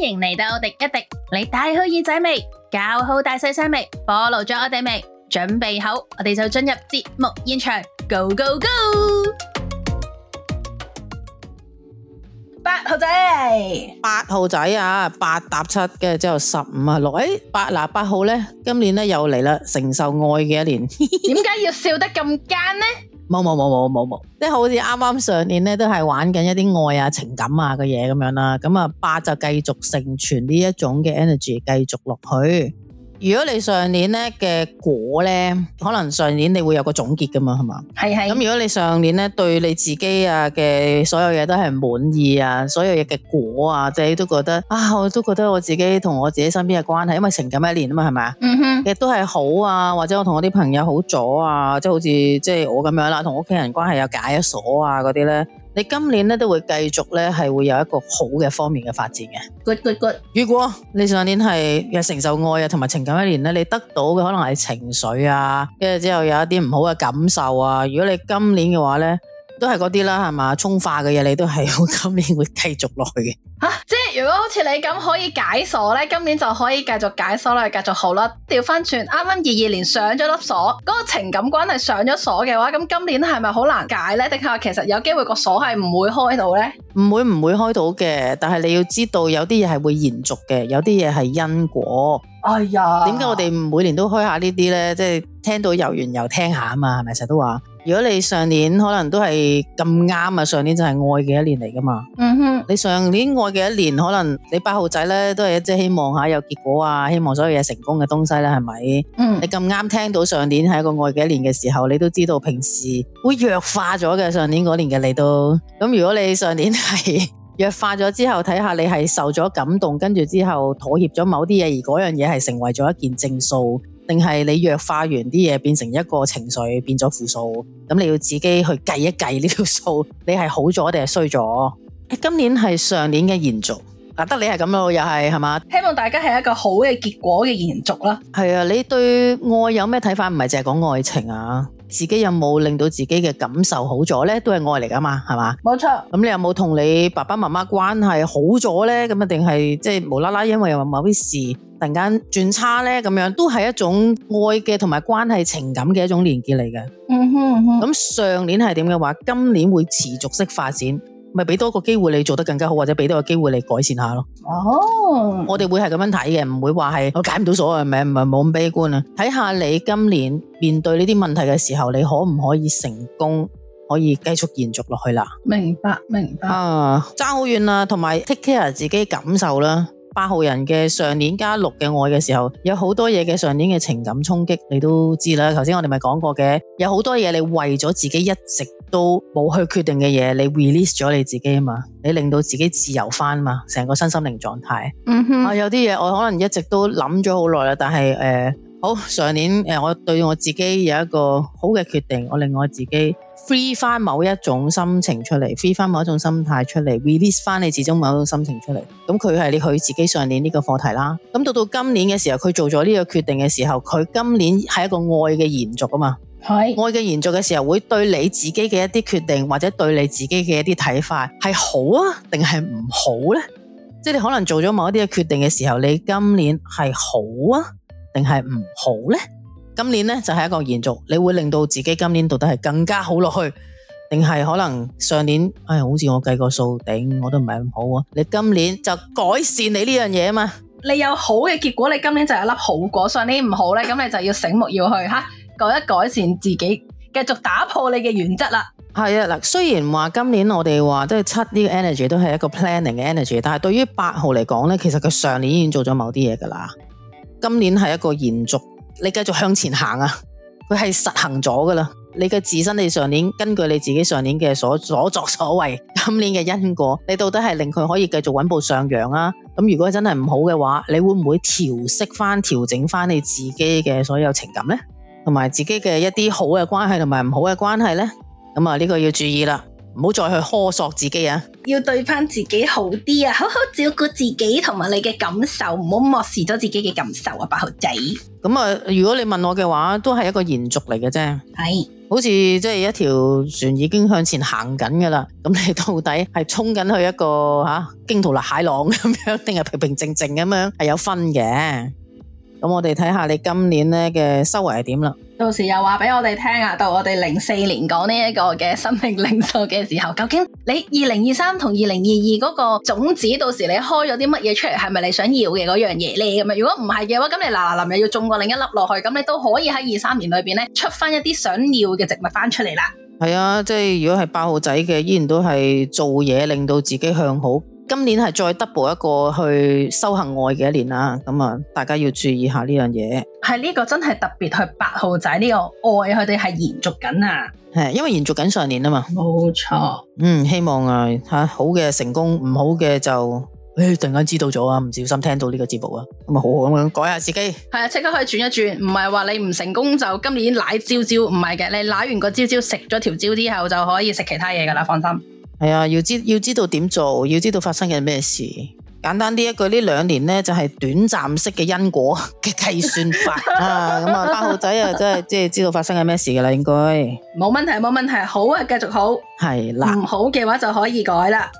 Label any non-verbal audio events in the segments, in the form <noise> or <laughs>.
歡迎嚟到廸一廸，你帶好耳仔未？搞好大細聲未？Follow 咗我哋未？準備好，我哋就進入節目現場。Go go go！八號仔，八號仔啊，八搭七，跟住之後十五啊六，誒，八嗱八號咧，今年咧又嚟啦，承受愛嘅一年。點解要笑得咁奸咧？冇冇冇冇冇冇，即係好似啱啱上年咧，都係玩緊一啲愛啊、情感啊嘅嘢咁樣啦。咁啊，八就繼續承傳呢一種嘅 energy，繼續落去。如果你上年咧嘅果咧，可能上年你會有個總結噶嘛，係嘛？係係。咁如果你上年咧對你自己啊嘅所有嘢都係滿意啊，所有嘢嘅果啊，你都覺得啊，我都覺得我自己同我自己身邊嘅關係，因為成咁一年啊嘛，係咪啊？嗯哼。亦都係好啊，或者我同我啲朋友好咗啊，即係好似即係我咁樣啦，同屋企人關係有解咗鎖啊嗰啲咧。你今年呢都會繼續呢，係會有一個好嘅方面嘅發展嘅。Good, good, good. 如果你上一年係承受愛啊同埋情感一年，你得到嘅可能係情緒啊，跟住之後有一啲唔好嘅感受啊。如果你今年嘅話呢，都係嗰啲啦，係嘛，沖化嘅嘢你都係今年會繼續落去嘅。吓，即係如果好似你咁可以解鎖咧，今年就可以繼續解鎖啦，繼續好啦。調翻轉，啱啱二二年上咗粒鎖，嗰個情感關係上咗鎖嘅話，咁今年係咪好難解咧？定係話其實有機會個鎖係唔會開到咧？唔會唔會開到嘅，但係你要知道有啲嘢係會延續嘅，有啲嘢係因果。哎呀，點解我哋每年都開下呢啲咧？即係聽到由完又聽下啊嘛，係咪成日都話？如果你上年可能都係咁啱啊，上年就係愛嘅一年嚟噶嘛。嗯哼，你上年愛嘅一年，可能你八號仔咧都係一直希望下有結果啊，希望所有嘢成功嘅東西啦、啊，係咪？嗯，你咁啱聽到上年係一個愛嘅一年嘅時候，你都知道平時會弱化咗嘅上年嗰年嘅你都。咁如果你上年係弱化咗之後，睇下你係受咗感動，跟住之後妥協咗某啲嘢，而嗰樣嘢係成為咗一件正數。定係你弱化完啲嘢，變成一個情緒變咗負數，咁你要自己去計一計呢條數，你係好咗定係衰咗？今年係上年嘅延續，啊，得你係咁咯，又係係咪？希望大家係一個好嘅結果嘅延續啦。係啊，你對愛有咩睇法？唔係淨係講愛情啊？自己有冇令到自己嘅感受好咗咧？都係愛嚟噶嘛，係嘛？冇錯。咁你有冇同你爸爸媽媽關係好咗呢？咁啊，定係即係無啦啦，因為又話某啲事突然間轉差呢，咁樣都係一種愛嘅同埋關係情感嘅一種連結嚟嘅。嗯哼嗯哼。咁上年係點嘅話，今年會持續式發展。咪俾多個機會你做得更加好，或者俾多個機會你改善下咯。哦、oh，我哋會係咁樣睇嘅，唔會話係我解唔到鎖啊，唔係唔係冇咁悲觀啊。睇下你今年面對呢啲問題嘅時候，你可唔可以成功，可以繼續延續落去啦。明白，明白。啊、uh，差好遠啦，同埋 take care 自己感受啦。八號人嘅上年加六嘅愛嘅時候，有好多嘢嘅上年嘅情感衝擊，你都知啦。頭先我哋咪講過嘅，有好多嘢你為咗自己一直都冇去決定嘅嘢，你 release 咗你自己嘛，你令到自己自由返嘛，成個身心靈狀態。Mm hmm. 啊，有啲嘢我可能一直都諗咗好耐啦，但係好上年，誒、呃，我對我自己有一個好嘅決定，我令我自己 free 返某一種心情出嚟，free 返某一種心態出嚟，release 返你始終某一種心情出嚟。咁佢係你佢自己上年呢個課題啦。咁、嗯、到到今年嘅時候，佢做咗呢個決定嘅時候，佢今年係一個愛嘅延續啊嘛。係 Hi. 愛嘅延續嘅時候，會對你自己嘅一啲決定或者對你自己嘅一啲睇法係好啊，定係唔好呢、啊？即係你可能做咗某一啲嘅決定嘅時候，你今年係好啊。定係唔好呢？今年呢就係、是、一個延續，你會令到自己今年到底係更加好落去，定係可能上年，哎，好似我計個數頂，我都唔係咁好啊！你今年就改善你呢樣嘢啊嘛！你有好嘅結果，你今年就有一粒好果。上年唔好呢，咁你就要醒目要去吓，改一改善自己，繼續打破你嘅原則啦。係啊，嗱，雖然話今年我哋話即係七呢個 energy，都係一個 planning 嘅 energy，但係對於八號嚟講呢，其實佢上年已經做咗某啲嘢噶啦。今年係一個延續，你繼續向前行啊！佢係實行咗㗎喇，你嘅自身，你上年根據你自己上年嘅所，所作所為，今年嘅因果，你到底係令佢可以繼續穩步上揚啊？咁如果真係唔好嘅話，你會唔會調適返、調整返你自己嘅所有情感呢？同埋自己嘅一啲好嘅關係同埋唔好嘅關係呢？咁啊，呢個要注意喇。唔好再去苛索自己啊！要對返自己好啲啊！好好照顧自己同埋你嘅感受，唔好漠視咗自己嘅感受啊！八號仔，咁啊，如果你問我嘅話，都係一個延續嚟嘅啫。係是，好似即係一條船已經向前行緊噶啦，咁你到底係衝緊去一個吓驚濤立海浪咁樣，定係平平靜靜咁樣？係有分嘅。咁我哋睇下你今年咧嘅收穫係點啦。到時又話俾我哋聽啊，到我哋零四年講呢一個嘅生命靈數嘅時候，究竟你二零二三同二零二二嗰個種子，到時你開咗啲乜嘢出嚟，係咪你想要嘅嗰樣嘢咧？咁啊，如果唔係嘅話，咁你嗱嗱臨又要種過另一粒落去，咁你都可以喺二三年裏邊咧出翻一啲想要嘅植物翻出嚟啦。係啊，即係如果係八號仔嘅，依然都係做嘢令到自己向好。今年係再 double 一個去修行愛嘅一年啦，咁啊，大家要注意下呢樣嘢。係呢個真係特別係八號仔呢個愛，佢哋係延續緊啊。係，因為延續緊上年啊嘛。冇錯。嗯。嗯，希望啊吓好嘅成功，唔好嘅就誒，突然間知道咗啊，唔小心聽到呢個節目啊，咁啊，好好咁樣改下自己。係啊，即刻可以轉一轉，唔係話你唔成功就今年瀨蕉蕉，唔係嘅，你瀨完個蕉蕉，食咗條蕉之後就可以食其他嘢噶啦，放心。係啊、哎，要知要知道點做，要知道發生緊咩事。簡單呢一句呢兩年咧就係、是、短暫式嘅因果嘅計算法 <laughs> 啊。咁、嗯、啊，八號仔啊，真係即係知道發生緊咩事噶啦，應該。冇問題，冇問題。好啊，繼續好。係啦。唔好嘅話就可以改啦。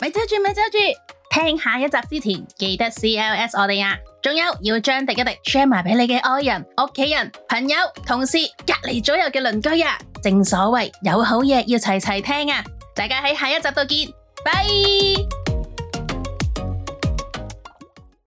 咪執著，咪執著。聽下一集之前，記得 C L S 我哋呀、啊，仲有要將廸一廸 share 埋俾你嘅愛人、屋企人、朋友、同事、隔籬左右嘅鄰居呀、啊。正所謂有好嘢要齊齊聽啊！大家喺下一集度見，拜。